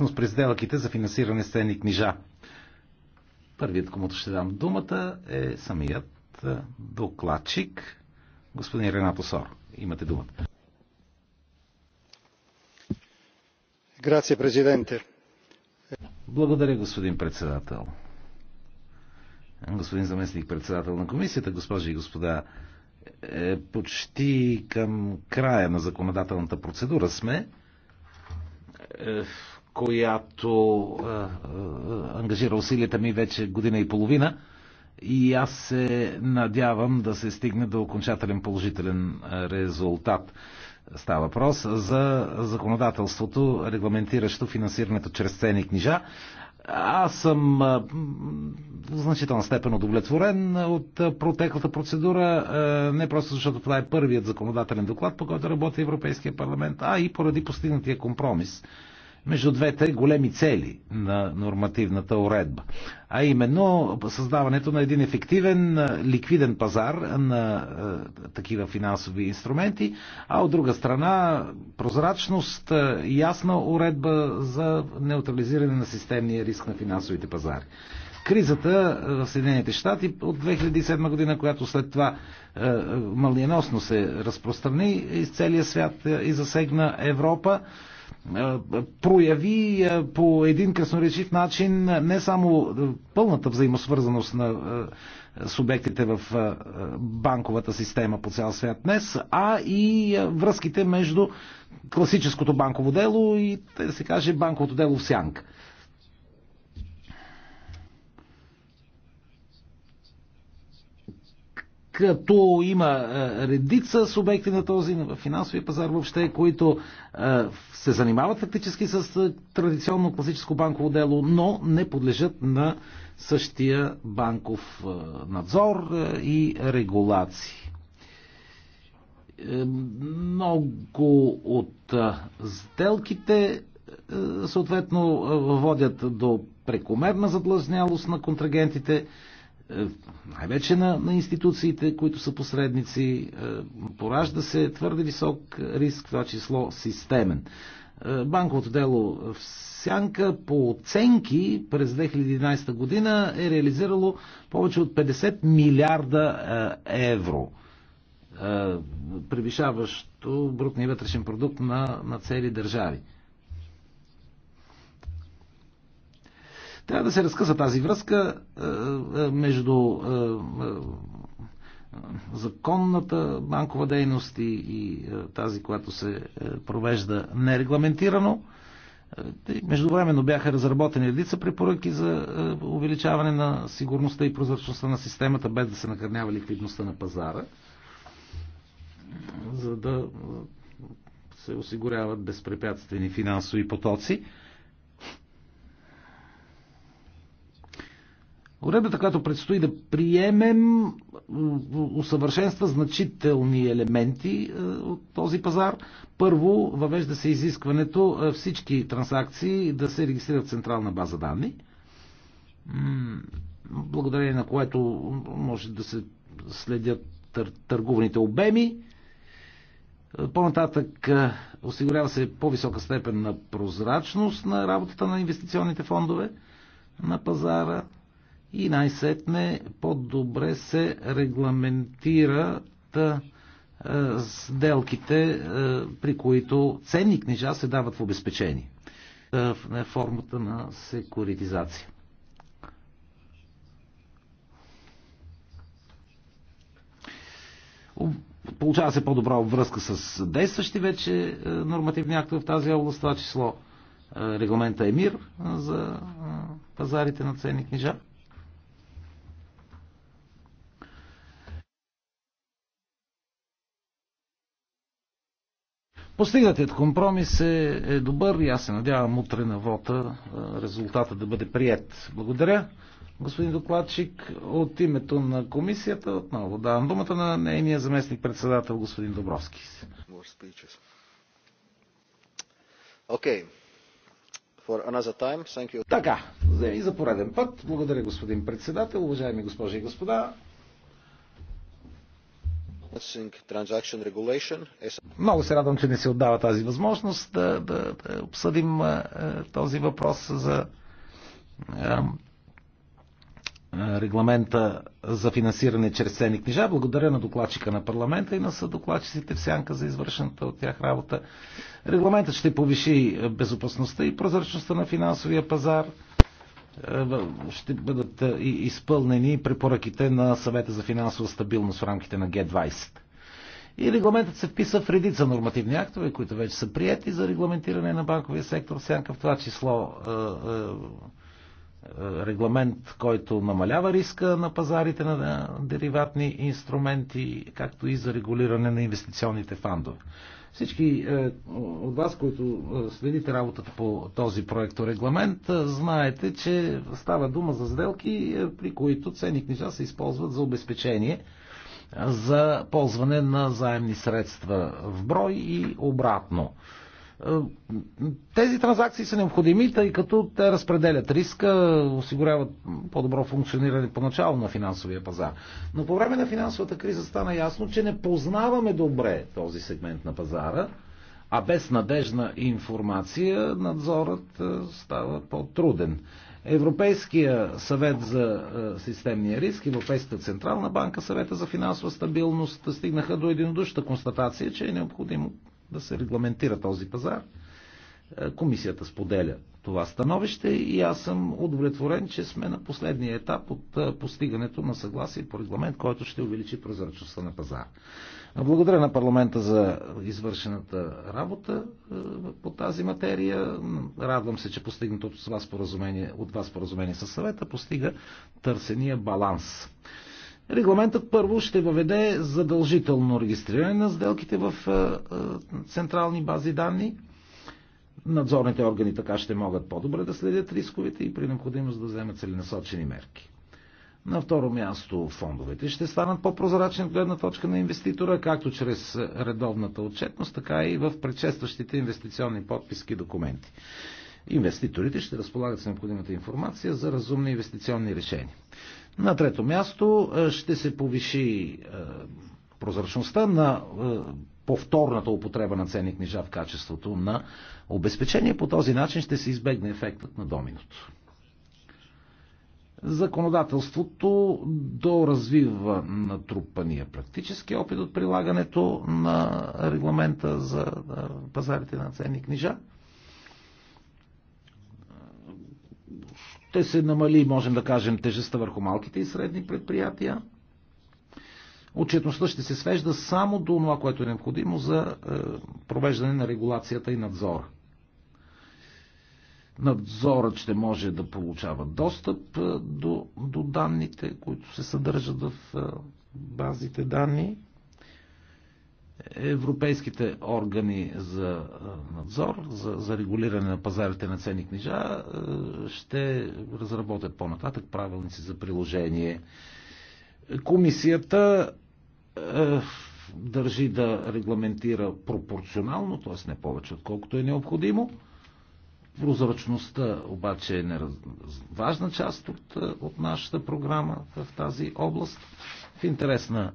с през сделките за финансиране с книжа. Първият, комуто ще дам думата, е самият е, докладчик, господин Ренато Сор. Имате думата. Грация, президенте. Благодаря, господин председател. Господин заместник председател на комисията, госпожи и господа, е почти към края на законодателната процедура сме е, която а, е, а, е, ангажира усилията ми вече година и половина и аз се надявам да се стигне до окончателен положителен е, резултат. Става въпрос за законодателството, регламентиращо финансирането чрез ценни книжа. Аз съм в значителна степен удовлетворен от протеклата процедура, не просто защото това е първият законодателен доклад, по който работи Европейския парламент, а и поради постигнатия компромис между двете големи цели на нормативната уредба. А именно създаването на един ефективен ликвиден пазар на е, такива финансови инструменти, а от друга страна прозрачност, е, ясна уредба за неутрализиране на системния риск на финансовите пазари кризата в Съединените щати от 2007 година, която след това е, малиеносно се разпространи из целия свят и засегна Европа прояви по един красноречив начин не само пълната взаимосвързаност на субектите в банковата система по цял свят днес, а и връзките между класическото банково дело и, да се каже, банковото дело в сянка. като има е, редица субекти на този на финансовия пазар въобще, които е, се занимават фактически с е, традиционно класическо банково дело, но не подлежат на същия банков надзор и регулации. Много от сделките съответно водят до прекомерна задлъжнялост на контрагентите, най-вече на, на институциите, които са посредници, е, поражда се твърде висок риск, това число системен. Е, банковото дело в Сянка по оценки през 2011 година е реализирало повече от 50 милиарда е, евро, превишаващо брутния вътрешен продукт на, на цели държави. Трябва да се разкъса тази връзка е, е, между е, законната банкова дейност и, и тази, която се провежда нерегламентирано. Междувременно бяха разработени редица препоръки за увеличаване на сигурността и прозрачността на системата, без да се накърнява ликвидността на пазара, за да се осигуряват безпрепятствени финансови потоци. Уредбата, която предстои да приемем, усъвършенства значителни елементи е, от този пазар. Първо, въвежда се изискването е, всички транзакции да се регистрират в централна база данни, благодарение на което може да се следят търгуваните обеми. Е, по-нататък осигурява се по-висока степен на прозрачност на работата на инвестиционните фондове на пазара и най-сетне по-добре се регламентират сделките, при които ценни книжа се дават в обезпечение в формата на секуритизация. Получава се по-добра връзка с действащи вече нормативни актове в тази област, това число регламента ЕМИР за пазарите на ценни книжа. Постигнатият компромис е, е добър и аз се надявам утре на вота резултата да бъде прият. Благодаря, господин докладчик. От името на комисията отново давам думата на нейния заместник председател, господин Добровски. Okay. Така, и за пореден път. Благодаря, господин председател, уважаеми госпожи и господа. Е, Много се радвам, че не се отдава тази възможност да, да, да обсъдим този въпрос за регламента за финансиране чрез ценни книжа. Благодаря на докладчика на парламента и на съдокладчиците в сянка за извършената от тях работа. Регламентът ще повиши безопасността и прозрачността на финансовия пазар. Е, ще бъдат е, изпълнени препоръките на съвета за финансова стабилност в рамките на Г20. И регламентът се вписва в редица нормативни актове, които вече са прияти за регламентиране на банковия сектор, сянка в това число е, е, е, регламент, който намалява риска на пазарите на дериватни инструменти, както и за регулиране на инвестиционните фандове. Всички е, от вас, които е, следите работата по този регламент, е, знаете, че става дума за сделки, при които ценни книжа се използват за обезпечение за ползване на заемни средства в брой и обратно. Тези транзакции са необходими, тъй като те разпределят риска, осигуряват по-добро функциониране поначало на финансовия пазар. Но по време на финансовата криза стана ясно, че не познаваме добре този сегмент на пазара, а без надежна информация надзорът е, става по-труден. Европейския съвет за е, системния риск, Европейската централна банка, съвета за финансова стабилност стигнаха до единодушната констатация, че е необходимо да се регламентира този пазар. Е, комисията споделя това становище и аз съм удовлетворен, че сме на последния етап от е, постигането на съгласие по регламент, който ще увеличи прозрачността на пазара. Благодаря на парламента за извършената работа е, по тази материя. Радвам се, че постигнато от вас поразумение, от вас споразумение със съвета постига търсения баланс. Регламентът първо ще въведе задължително регистриране на сделките в е, е, централни бази данни. Надзорните органи така ще могат по-добре да следят рисковете и при необходимост да вземат целенасочени мерки. На второ място фондовете ще станат по-прозрачни от гледна точка на инвеститора, както чрез редовната отчетност, така и в предшестващите инвестиционни подписки и документи. Инвеститорите ще разполагат с необходимата информация за разумни инвестиционни решения. На трето място е, ще се повиши е, прозрачността на е, повторната употреба на ценни книжа в качеството на обезпечение. По този начин ще се избегне ефектът на доминото. Законодателството доразвива натрупания практически опит от прилагането на регламента за пазарите на ценни книжа. ще се намали, можем да кажем, тежестта върху малките и средни предприятия. Отчетността ще се свежда само до това, което е необходимо за е, провеждане на регулацията и надзора. Надзорът ще може да получава достъп е, до, до данните, които се съдържат в е, базите данни европейските органи за надзор, за, за регулиране на пазарите на ценни книжа ще разработят по-нататък правилници за приложение. Комисията е, държи да регламентира пропорционално, т.е. не повече отколкото е необходимо. Прозрачността обаче е нераз... важна част от, от нашата програма в тази област. В интерес на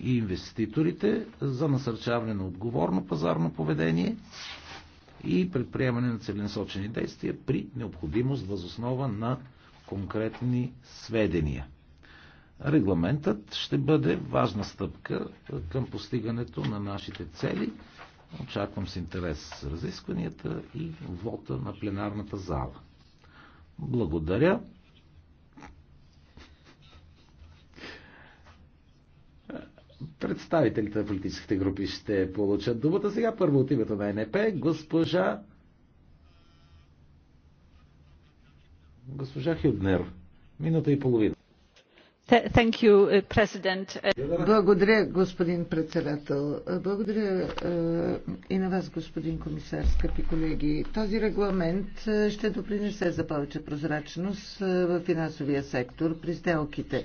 и инвеститорите за насърчаване на отговорно пазарно поведение и предприемане на целенасочени действия при необходимост възоснова на конкретни сведения. Регламентът ще бъде важна стъпка към постигането на нашите цели. Очаквам с интерес разискванията и вота на пленарната зала. Благодаря. Представителите на политическите групи ще получат думата. Сега първо от името на НП госпожа госпожа Хюбнер. Минута и половина. You, uh, Благодаря, господин председател. Благодаря е, и на вас, господин комисар, скъпи колеги. Този регламент е, ще допринесе за повече прозрачност е, в финансовия сектор при сделките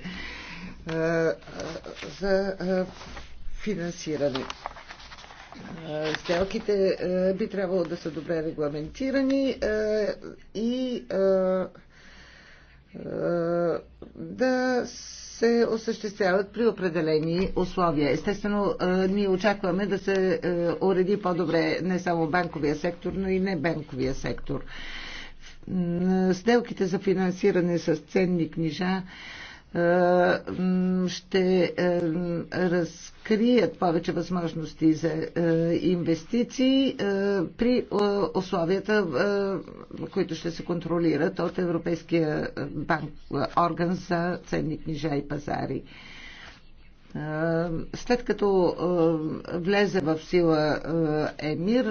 за финансиране. Сделките би трябвало да са добре регламентирани и да се осъществяват при определени условия. Естествено, ние очакваме да се уреди по-добре не само банковия сектор, но и не банковия сектор. Сделките за финансиране с ценни книжа е, ще е, разкрият повече възможности за е, инвестиции при условията, които ще се контролират от Европейския банк, орган за ценни книжа и пазари. Е, след като е, влезе в сила е, Емир,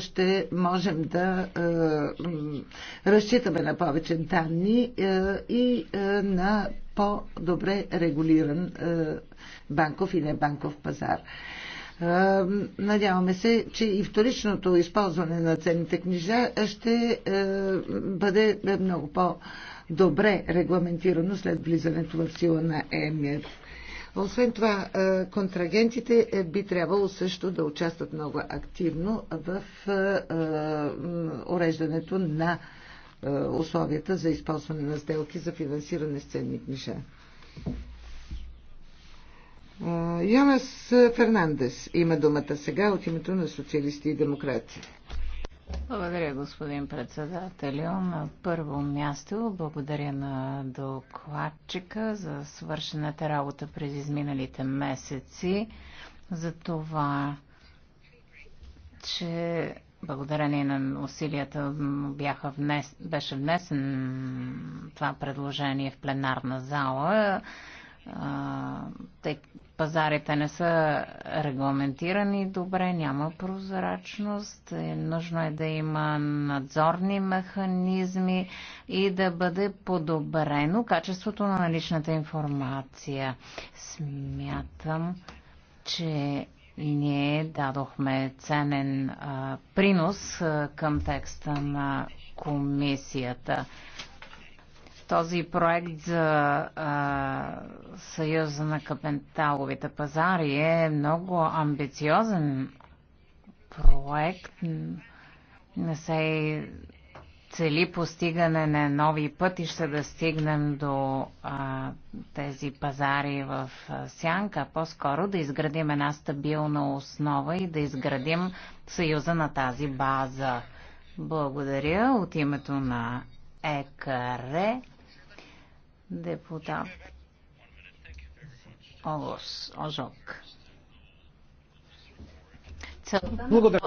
ще можем да разчитаме на повече данни и на по-добре регулиран банков и небанков пазар. Надяваме се, че и вторичното използване на ценните книжа ще бъде много по-добре регламентирано след влизането в сила на ЕМИР. Освен това, е, контрагентите е, би трябвало също да участват много активно в е, уреждането на условията за използване на сделки за финансиране с ценни книжа. Йонас Фернандес има думата сега от името на социалисти и демократи. Благодаря, господин председател. На първо място благодаря на докладчика за свършената работа през изминалите месеци, за това, че благодарение на усилията бяха внес, беше внесен това предложение в пленарна зала, тъй пазарите не са регламентирани добре, няма прозрачност, е, нужно е да има надзорни механизми и да бъде подобрено качеството на наличната информация. Смятам, че ние дадохме ценен а, принос а, към текста на комисията този проект за а, Съюза на капенталовите пазари е много амбициозен проект. Не се цели постигане на нови пътища да стигнем до а, тези пазари в сянка, по-скоро да изградим една стабилна основа и да изградим съюза на тази база. Благодаря от името на Екаре депутат Олос Ожок. Благодаря,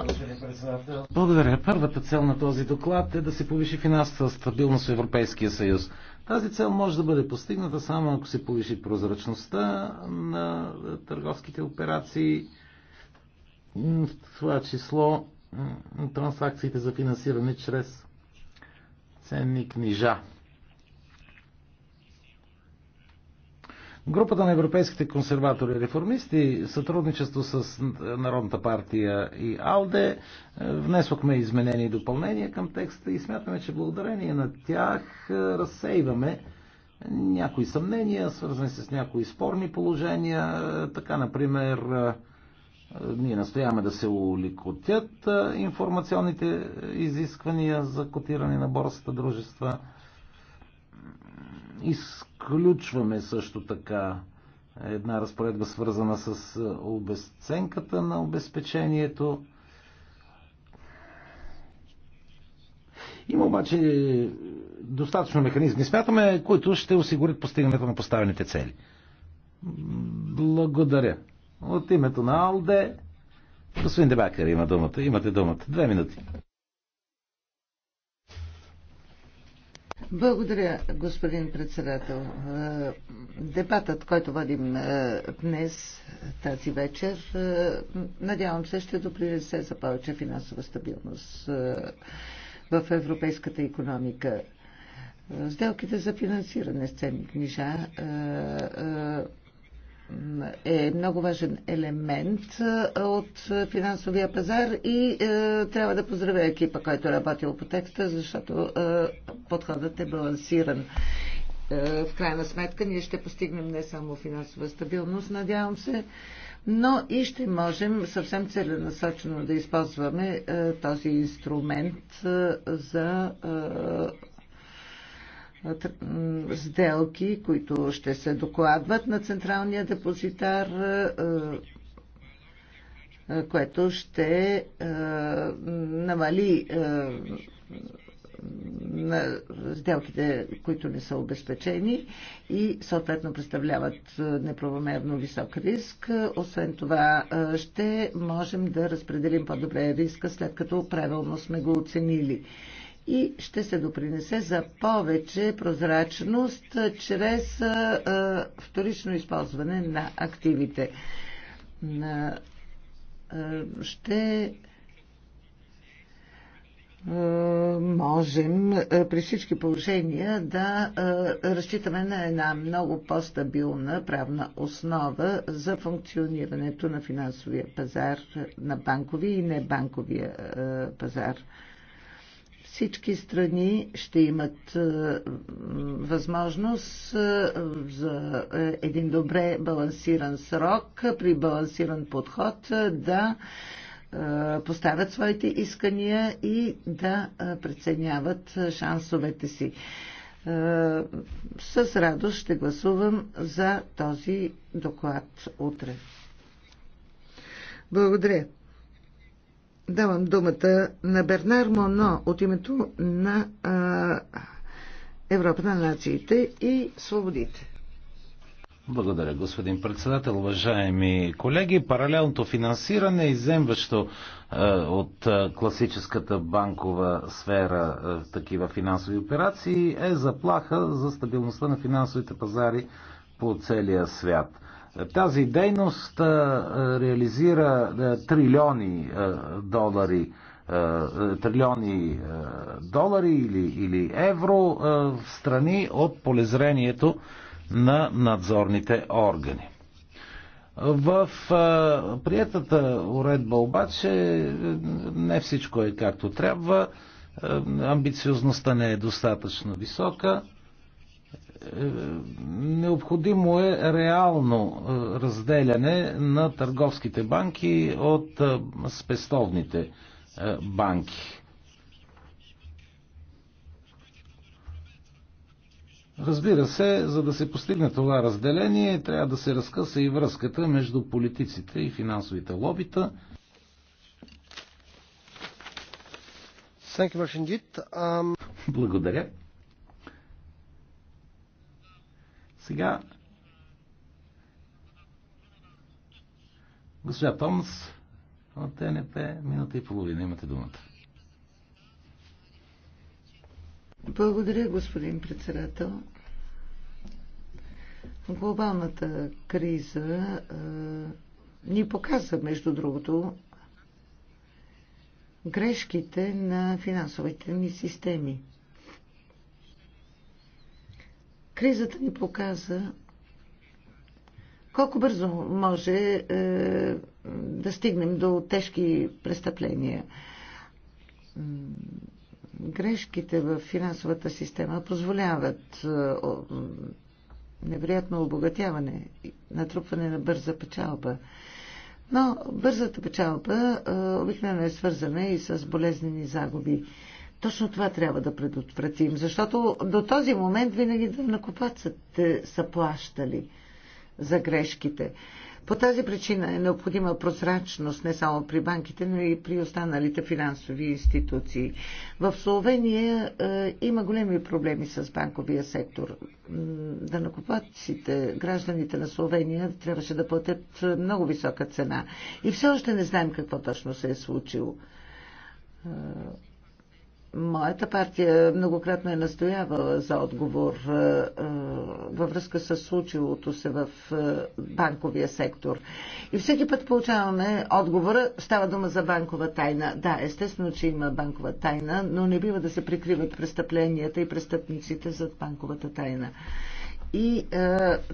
Благодаря. Първата цел на този доклад е да се повиши финансова стабилност в Европейския съюз. Тази цел може да бъде постигната само ако се повиши прозрачността на търговските операции, в това число транзакциите за финансиране чрез ценни книжа. Групата на европейските консерватори и реформисти в сътрудничество с Народната партия и АЛДЕ е, внесохме изменения и допълнения към текста и смятаме, че благодарение на тях е, разсейваме някои съмнения, свързани с някои спорни положения. Е, така, например, ние настояваме да се уликотят информационните изисквания за котиране на борсата дружества. Иск включваме също така една разпоредба свързана с е, обесценката на обезпечението. Има обаче е, достатъчно механизми, смятаме, които ще осигурят постигането на поставените цели. Благодаря. От името на Алде, господин Дебакър има думата. Имате думата. Две минути. Благодаря, господин председател. Е, дебатът, който водим е, днес, тази вечер, е, надявам се, ще допринесе за повече финансова стабилност в европейската економика. Сделките за финансиране с ценни книжа е много важен елемент от финансовия пазар и е, трябва да поздравя екипа, който е работил по текста, защото е, подходът е балансиран. Е, в крайна сметка ние ще постигнем не само финансова стабилност, надявам се, но и ще можем съвсем целенасочено да използваме този инструмент за сделки, които ще се докладват на Централния депозитар, е, е, което ще е, намали на сделките, които не са обезпечени и съответно представляват неправомерно висок риск. Освен това, ще можем да разпределим по-добре риска, след като правилно сме го оценили и ще се допринесе за повече прозрачност чрез вторично използване на активите. Ще можем при всички положения да разчитаме на една много по-стабилна правна основа за функционирането на финансовия пазар, на банковия и небанковия пазар. Всички страни ще имат е, възможност е, за е, един добре балансиран срок, при балансиран подход да поставят своите искания и да преценяват шансовете си. С радост ще гласувам за този доклад утре. Благодаря. Давам думата на Бернар Моно от името на а, Европа на нациите и свободите. Благодаря, господин председател. Уважаеми колеги, паралелното финансиране, иземващо е, от е, класическата банкова сфера е, в такива финансови операции, е заплаха за стабилността на финансовите пазари по целия свят. Тази дейност реализира трилиони долари трилиони долари или, или евро в страни от полезрението на надзорните органи. В приятата уредба обаче не всичко е както трябва. Амбициозността не е достатъчно висока. Е, е, необходимо е реално е, разделяне на търговските банки от спестовните банки. Разбира се, за да се постигне това разделение, трябва да се разкъса и връзката между политиците и финансовите лобита. Um, Благодаря. Сега госпожа Томс от ТНП, минута и половина имате думата. Благодаря, господин председател. Глобалната криза е, ни показа, между другото, грешките на финансовите ни системи. Кризата ни показа колко бързо може е, да стигнем до тежки престъпления. Грешките в финансовата система позволяват е, невероятно обогатяване, натрупване на бърза печалба. Но бързата печалба е, обикновено е свързана и с болезнени загуби. Точно това трябва да предотвратим, защото до този момент винаги дъвнакопаците са плащали за грешките. По тази причина е необходима прозрачност не само при банките, но и при останалите финансови институции. В Словения е, има големи проблеми с банковия сектор. Да накупаците, гражданите на Словения трябваше да платят много висока цена. И все още не знаем какво точно се е случило. Е, Моята партия многократно е настоявала за отговор е, е, във връзка с случилото се в е, банковия сектор. И всеки път получаваме отговора, става дума за банкова тайна. Да, естествено, че има банкова тайна, но не бива да се прикриват престъпленията и престъпниците зад банковата тайна. И е,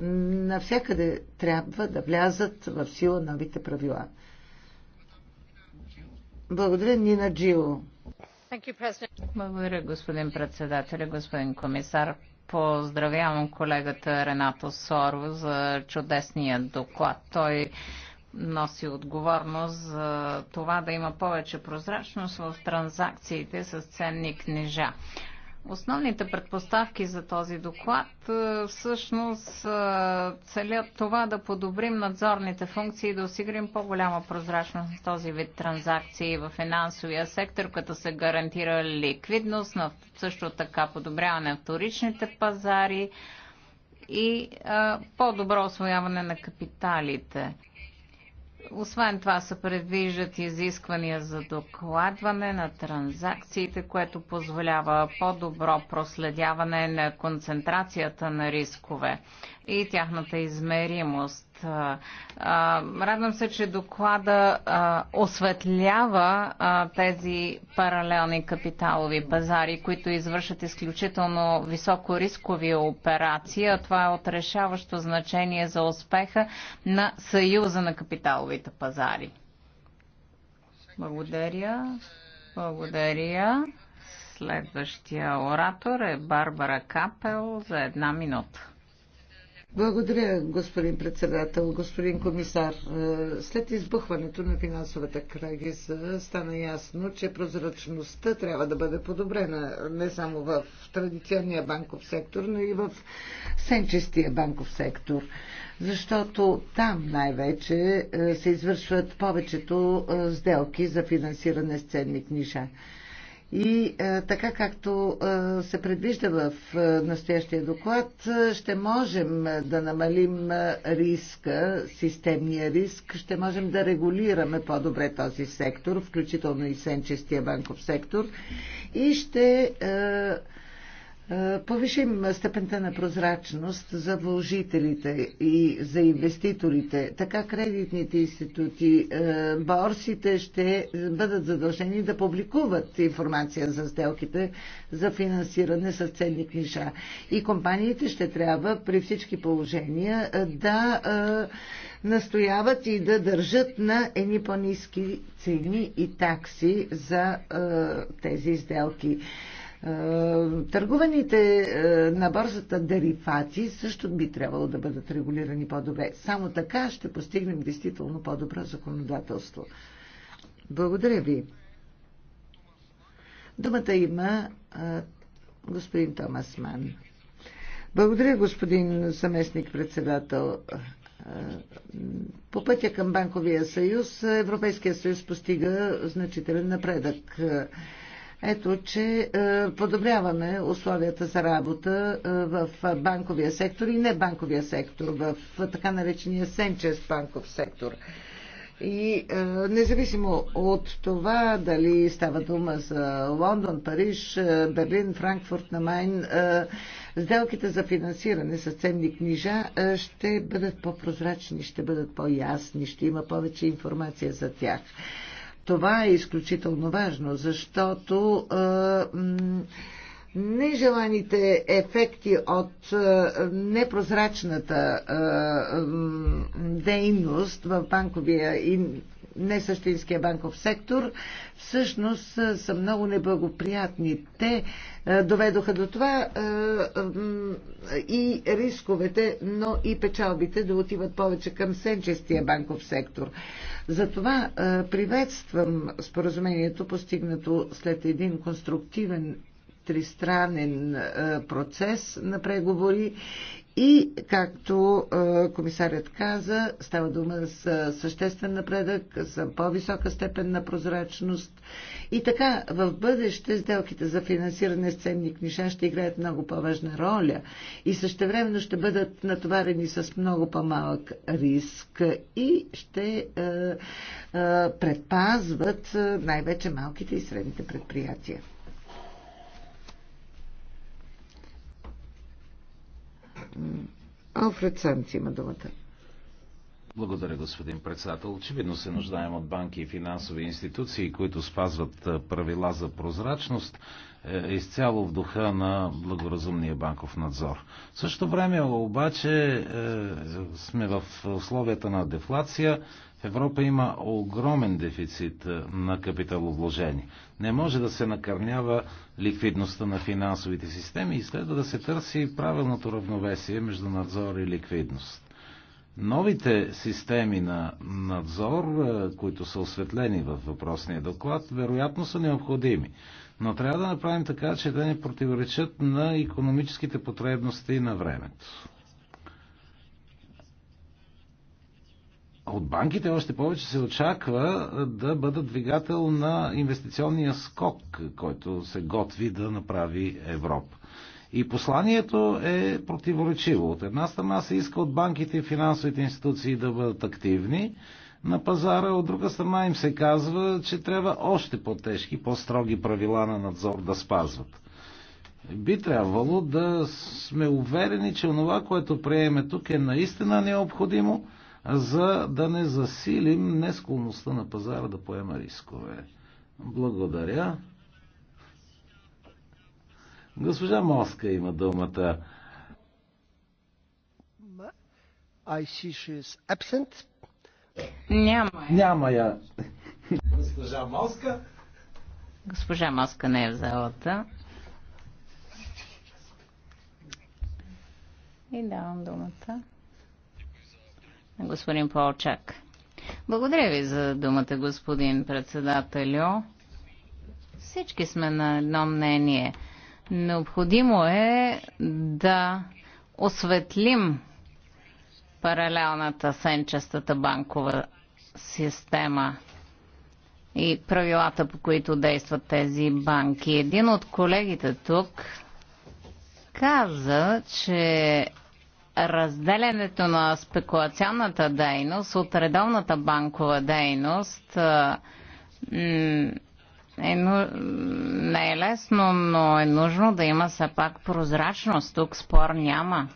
навсякъде трябва да влязат в сила новите правила. Благодаря, Нина Джио. Благодаря, господин председател, господин комисар. Поздравявам колегата Ренато Сорво за чудесния доклад. Той носи отговорност за това да има повече прозрачност в транзакциите с ценни книжа. Основните предпоставки за този доклад е, всъщност е, целят това да подобрим надзорните функции и да осигурим по-голяма прозрачност в този вид транзакции в финансовия сектор, като се гарантира ликвидност, но също така подобряване на вторичните пазари и е, по-добро освояване на капиталите. Освен това се предвиждат изисквания за докладване на транзакциите, което позволява по-добро проследяване на концентрацията на рискове и тяхната измеримост. Радвам се, че доклада осветлява тези паралелни капиталови базари, които извършат изключително високо рискови операции, а това е от решаващо значение за успеха на Съюза на капиталовите пазари. Благодаря. Благодаря. Следващия оратор е Барбара Капел за една минута. Благодаря, господин председател, господин комисар. Е, след избухването на финансовата криза стана ясно, че прозрачността трябва да бъде подобрена не само в традиционния банков сектор, но и в сенчестия банков сектор. Защото там най-вече е, се извършват повечето е, сделки за финансиране с ценни книжа. И е, така както е, се предвижда в е, настоящия доклад, ще можем да намалим риска, системния риск, ще можем да регулираме по-добре този сектор, включително и сенчестия банков сектор и ще е, повишим степента на прозрачност за вложителите и за инвеститорите. Така кредитните институти, е, борсите ще бъдат задължени да публикуват информация за сделките за финансиране с ценни книжа. И компаниите ще трябва при всички положения е, да настояват и да държат на едни по-низки цени и такси за тези сделки. Е, търгуваните е, на борсата дерифати също би трябвало да бъдат регулирани по-добре. Само така ще постигнем действително по-добро законодателство. Благодаря ви. Думата има е, господин Томас Ман. Благодаря, господин заместник-председател. По пътя към Банковия съюз Европейския съюз постига значителен напредък. Ето, че е, подобряваме условията за работа е, в банковия сектор и не банковия сектор, в така наречения сенчест банков сектор. И е, независимо от това дали става дума за Лондон, Париж, е, Берлин, Франкфурт на Майн, е, сделките за финансиране с ценни книжа е, ще бъдат по-прозрачни, ще бъдат по-ясни, ще има повече информация за тях. Това е изключително важно, защото нежеланите ефекти от непрозрачната дейност в банковия и несъщинския банков сектор всъщност са много неблагоприятни. Те доведоха до това и рисковете, но и печалбите да отиват повече към сенчестия банков сектор. Затова приветствам споразумението, постигнато след един конструктивен тристранен процес на преговори и, както комисарят каза, става дума за съществен напредък, за по-висока степен на прозрачност. И така, в бъдеще сделките за финансиране с ценни книжа ще играят много по-важна роля и същевременно ще бъдат натоварени с много по-малък риск и ще е, е, предпазват най-вече малките и средните предприятия. Алфред Санц има думата. Благодаря, господин председател. Очевидно се нуждаем от банки и финансови институции, които спазват правила за прозрачност, е изцяло в духа на благоразумния банков надзор. В същото време обаче е, сме в условията на дефлация, Европа има огромен дефицит е, на капиталовложение. Не може да се накърнява ликвидността на финансовите системи и следва да се търси правилното равновесие между надзор и ликвидност. Новите системи на надзор, е, които са осветлени в въпросния доклад, вероятно са необходими. Но трябва да направим така, че да не противоречат на економическите потребности на времето. от банките още повече се очаква да бъдат двигател на инвестиционния скок, който се готви да направи Европа. И посланието е противоречиво. От една страна се иска от банките и финансовите институции да бъдат активни на пазара, от друга страна им се казва, че трябва още по-тежки, по-строги правила на надзор да спазват. Би трябвало да сме уверени, че онова, което приеме тук е наистина необходимо – за да не засилим несклонността на пазара да поема рискове. Благодаря. Госпожа Моска има думата. I see she is absent. Няма я. Няма я. Госпожа Моска. Госпожа Моска не е в залата. И давам думата господин Полчак. Благодаря ви за думата, господин председателю. Всички сме на едно мнение. Необходимо е да осветлим паралелната сенчестата банкова система и правилата, по които действат тези банки. Един от колегите тук каза, че разделянето на спекулационната дейност от редовната банкова дейност е, не е лесно, но е нужно да има все пак прозрачност. Тук спор няма.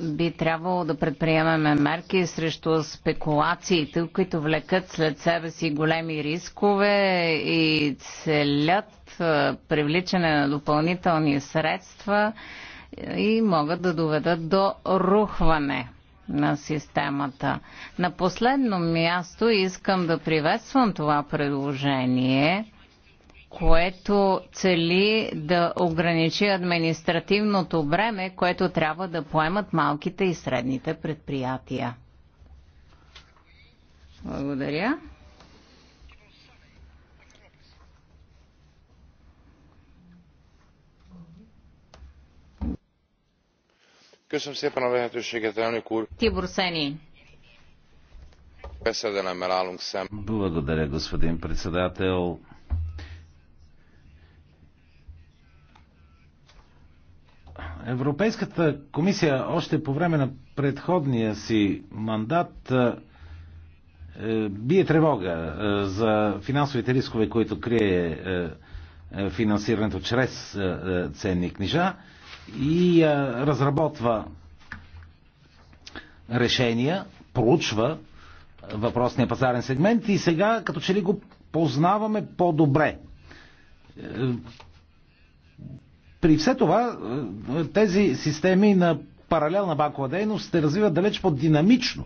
Би трябвало да предприемеме мерки срещу спекулациите, които влекат след себе си големи рискове и целят привличане на допълнителни средства и могат да доведат до рухване на системата. На последно място искам да приветствам това предложение, което цели да ограничи административното бреме, което трябва да поемат малките и средните предприятия. Благодаря. Благодаря, господин председател. Европейската комисия още по време на предходния си мандат е, бие тревога е, за финансовите рискове, които крие е, финансирането чрез ценни книжа и разработва решения, проучва въпросния пазарен сегмент и сега като че ли го познаваме по-добре. Е, при все това е, тези системи на паралелна банкова дейност се развиват далеч по-динамично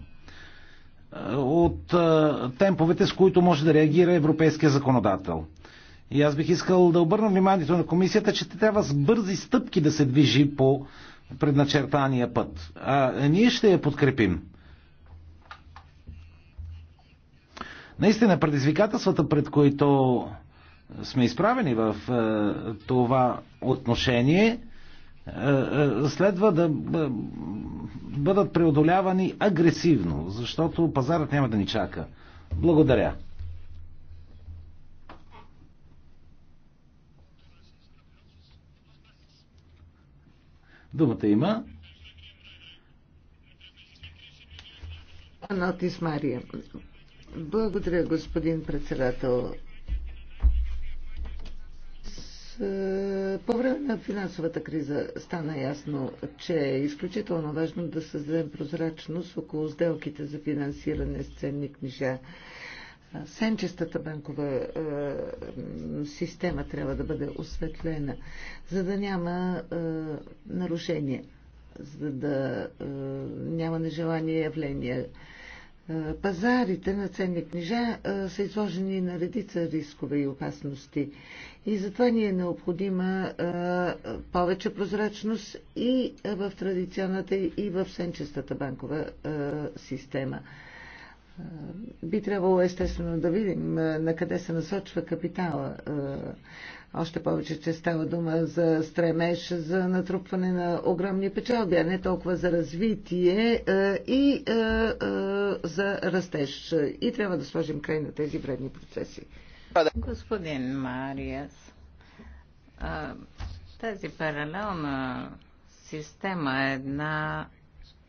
е, от темповете, с които може да реагира европейския законодател. И аз бих искал да обърна вниманието на комисията, че те трябва с бързи стъпки да се движи по предначертания път. А, ние ще я подкрепим. Наистина, предизвикателствата, пред които сме изправени в е, това отношение, е, е, следва да е, бъдат преодолявани агресивно, защото пазарът няма да ни чака. Благодаря. Думата има Анатис Мария. Благодаря, господин председател. По време на финансовата криза стана ясно, че е изключително важно да създадем прозрачност около сделките за финансиране с ценни книжа сенчестата банкова е, система трябва да бъде осветлена, за да няма е, нарушения, за да е, няма нежелание явления. Пазарите на ценни книжа са изложени на редица рискове и опасности. И затова ни е необходима повече прозрачност и в традиционната, и в сенчестата банкова система. Би трябвало естествено да видим на къде се насочва капитала. Още повече, че става дума за стремеж за натрупване на огромни печалби, а не толкова за развитие и за растеж. И трябва да сложим край на тези вредни процеси. Господин Мариас, тази паралелна система е една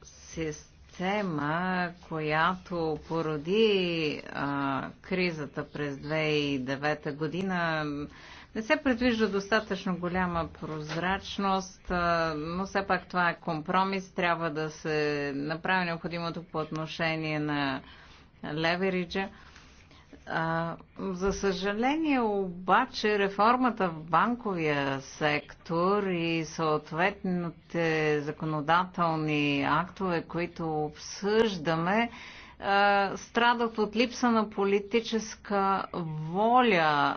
система, тема, която породи а, кризата през 2009 година. Не се предвижда достатъчно голяма прозрачност, а, но все пак това е компромис. Трябва да се направи необходимото по отношение на левериджа. А, а, за съжаление обаче реформата в банковия сектор и съответните законодателни актове, които обсъждаме, страдат от липса на политическа воля,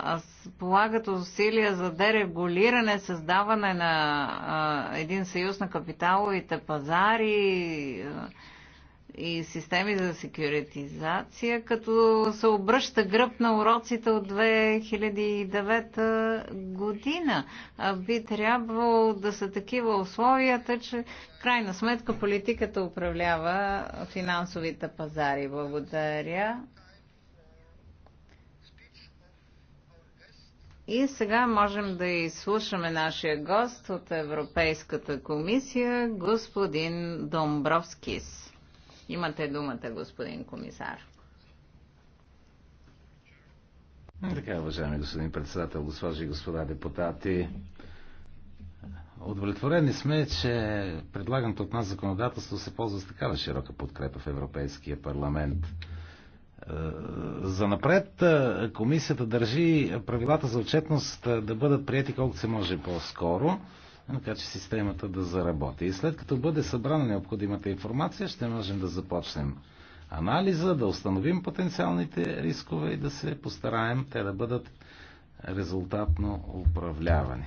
полагат усилия за дерегулиране, създаване на един съюз на капиталовите пазари, и системи за секюритизация, като се обръща гръб на уроците от 2009 година. А би трябвало да са такива условията, че в крайна сметка политиката управлява финансовите пазари. Благодаря. И сега можем да изслушаме нашия гост от Европейската комисия, господин Домбровскис. Имате думата, господин комисар. Така, уважаеми господин председател, госпожи и господа депутати, удовлетворени сме, че предлаганото от нас законодателство се ползва с такава широка подкрепа в Европейския парламент. Е, за напред е, комисията държи правилата за отчетност е, да бъдат прияти колкото се може по-скоро така че системата да заработи. И след като бъде събрана необходимата информация, ще можем да започнем анализа, да установим потенциалните рискове и да се постараем те да бъдат резултатно управлявани.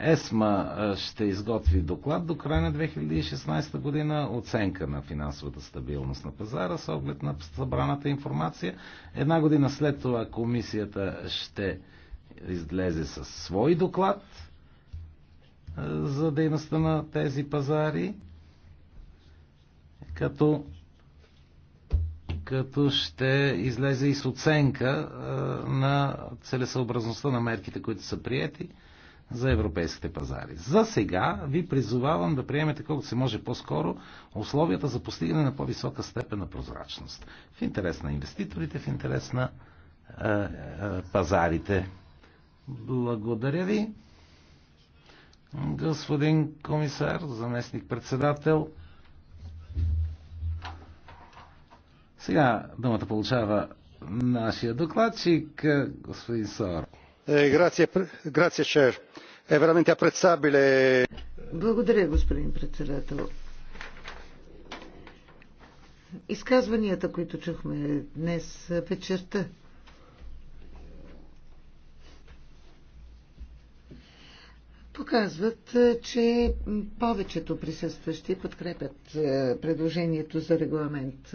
ЕСМА ще изготви доклад до края на 2016 година, оценка на финансовата стабилност на пазара с оглед на събраната информация. Една година след това комисията ще излезе със свой доклад за дейността на тези пазари, като, като ще излезе и с оценка на целесъобразността на мерките, които са приети за европейските пазари. За сега ви призовавам да приемете колкото се може по-скоро условията за постигане на по-висока степен на прозрачност. В интерес на инвеститорите, в интерес на е, е, пазарите. Благодаря ви господин комисар, заместник председател. Сега думата получава нашия докладчик, господин Сор. Е, грация, шеф. Е вераменте апрецабиле. Благодаря, господин председател. Изказванията, които чухме днес вечерта, показват, е, че повечето присъстващи подкрепят е, предложението за регламент.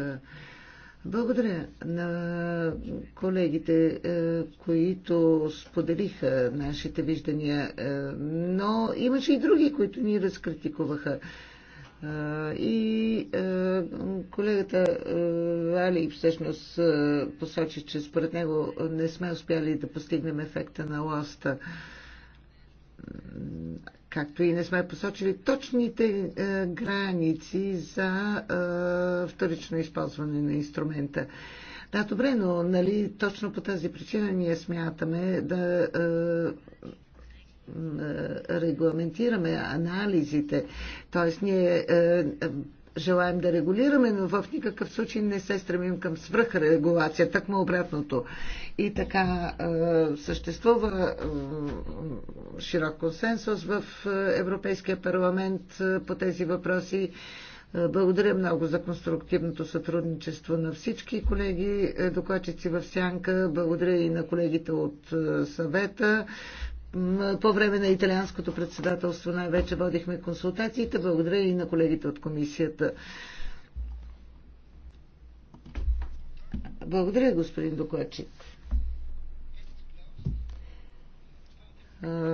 Благодаря на колегите, е, които споделиха нашите виждания, но имаше и други, които ни разкритикуваха. И колегата Али всъщност посочи, че според него не сме успяли да постигнем ефекта на ласта както и не сме посочили точните е, граници за е, вторично използване на инструмента. Да, добре, но нали, точно по тази причина ние смятаме да е, е регламентираме анализите. Тоест, ние е, желаем да регулираме, но в никакъв случай не се стремим към свръхрегулация, так му обратното. И така е, съществува е, широк консенсус в е, Европейския парламент по тези въпроси. Благодаря много за конструктивното сътрудничество на всички колеги, докладчици в Сянка. Благодаря и на колегите от съвета. По време на италианското председателство най-вече водихме консултациите. Благодаря и на колегите от комисията. Благодаря, господин докладчик.